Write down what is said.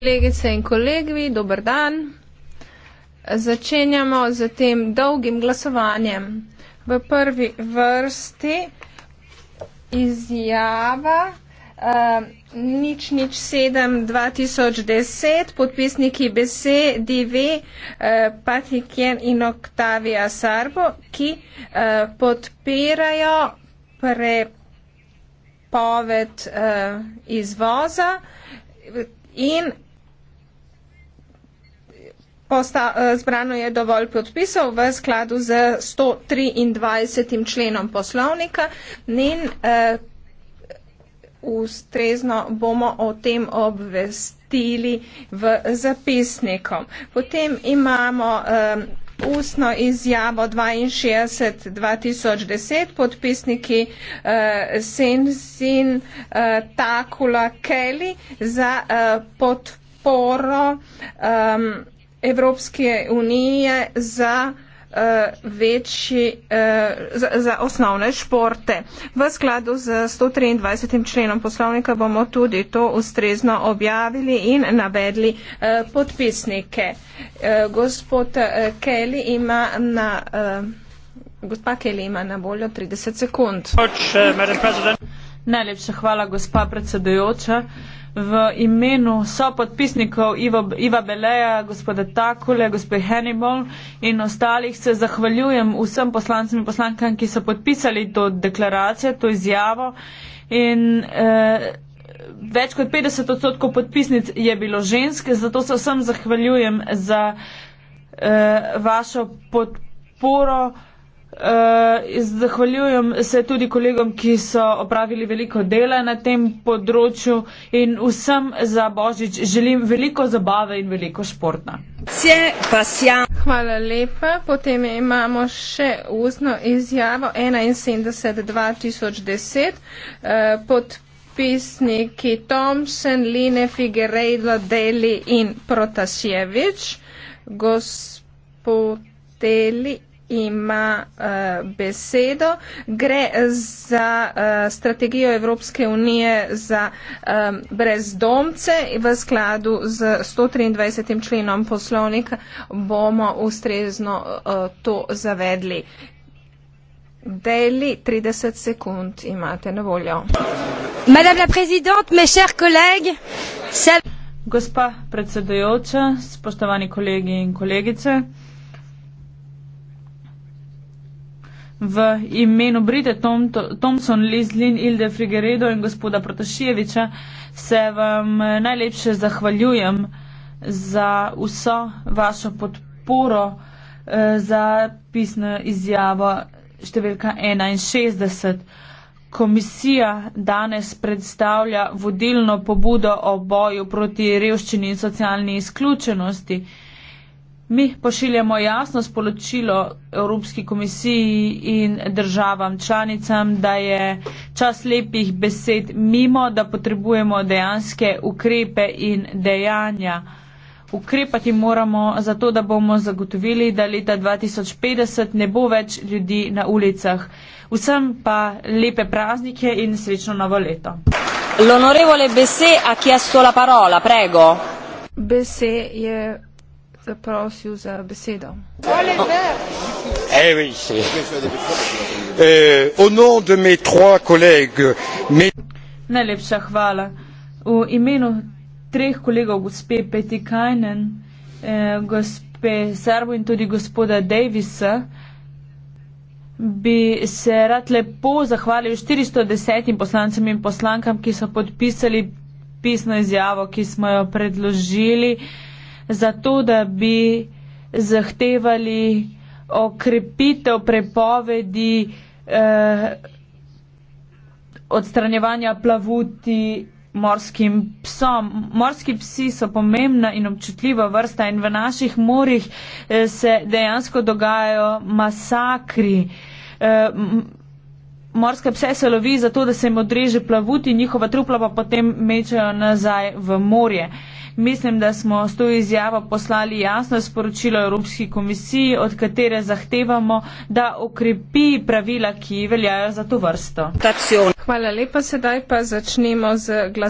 Kolegice in kolegi, dober dan. Začenjamo z tem dolgim glasovanjem. V prvi vrsti izjava eh, nič nič sedem 2010, podpisniki BC, DV, eh, Patiken in Octavia Sarbo, ki eh, podpirajo prepoved eh, izvoza in Osta, eh, zbrano je dovolj podpisov v skladu z 123. členom poslovnika in eh, ustrezno bomo o tem obvestili v zapisniku. Potem imamo eh, ustno izjavo 62.2010, podpisniki eh, Senzin eh, Takula Kelly za eh, podporo. Eh, Evropske unije za eh, večji, eh, za osnovne športe. V skladu z 123. členom poslovnika bomo tudi to ustrezno objavili in navedli eh, podpisnike. Gospod Kelly ima na, gospa Kelly ima na voljo 30 sekund. Najlepša hvala, gospa predsedujoča v imenu sopodpisnikov Iva, Iva Beleja, gospoda Takule, gospod Hannibal in ostalih se zahvaljujem vsem poslancem in poslankam, ki so podpisali to deklaracijo, to izjavo. In, eh, Več kot 50 odstotkov podpisnic je bilo žensk, zato se vsem zahvaljujem za eh, vašo podporo. Uh, zahvaljujem se tudi kolegom, ki so opravili veliko dela na tem področju in vsem za božič želim veliko zabave in veliko športa. Hvala lepa. Potem imamo še ustno izjavo 71.2010. Uh, eh, podpisniki Tomsen, Line Figueiredo, Deli in Protasjevič. Gospod Deli ima uh, besedo. Gre za uh, strategijo Evropske unije za um, brezdomce. V skladu z 123. členom poslovnika bomo ustrezno uh, to zavedli. Daily, 30 sekund imate na voljo. Madame la présidente, mes chers collègues, c'est. Gospa predsedujoča, spoštovani kolegi in kolegice. v imenu Brite Tom, Thompson, Lizlin, Ilde Frigeredo in gospoda Protaševiča se vam eh, najlepše zahvaljujem za vso vašo podporo eh, za pisno izjavo številka 61. Komisija danes predstavlja vodilno pobudo o boju proti revščini in socialni izključenosti. Mi pošiljamo jasno sporočilo Evropski komisiji in državam članicam, da je čas lepih besed mimo, da potrebujemo dejanske ukrepe in dejanja. Ukrepati moramo zato, da bomo zagotovili, da leta 2050 ne bo več ljudi na ulicah. Vsem pa lepe praznike in srečno novo leto. L'onorevole Bese ha chiesto la parola, prego. Bese je prosil za besedo. Eh eh, Najlepša hvala. V imenu treh kolegov, gospe Peti Kajnen, eh, gospe Sarbo in tudi gospoda Davisa, bi se rad lepo zahvalil 410 poslancem in poslankam, ki so podpisali pisno izjavo, ki smo jo predložili zato, da bi zahtevali okrepitev prepovedi eh, odstranjevanja plavuti morskim psom. Morski psi so pomembna in občutljiva vrsta in v naših morjih eh, se dejansko dogajajo masakri. Eh, morske pse se lovi zato, da se jim odreže plavuti, njihova trupla pa potem mečejo nazaj v morje. Mislim, da smo s to izjavo poslali jasno sporočilo Evropski komisiji, od katere zahtevamo, da okrepi pravila, ki veljajo za to vrsto. Hvala lepa, sedaj pa začnemo z glasovanjem.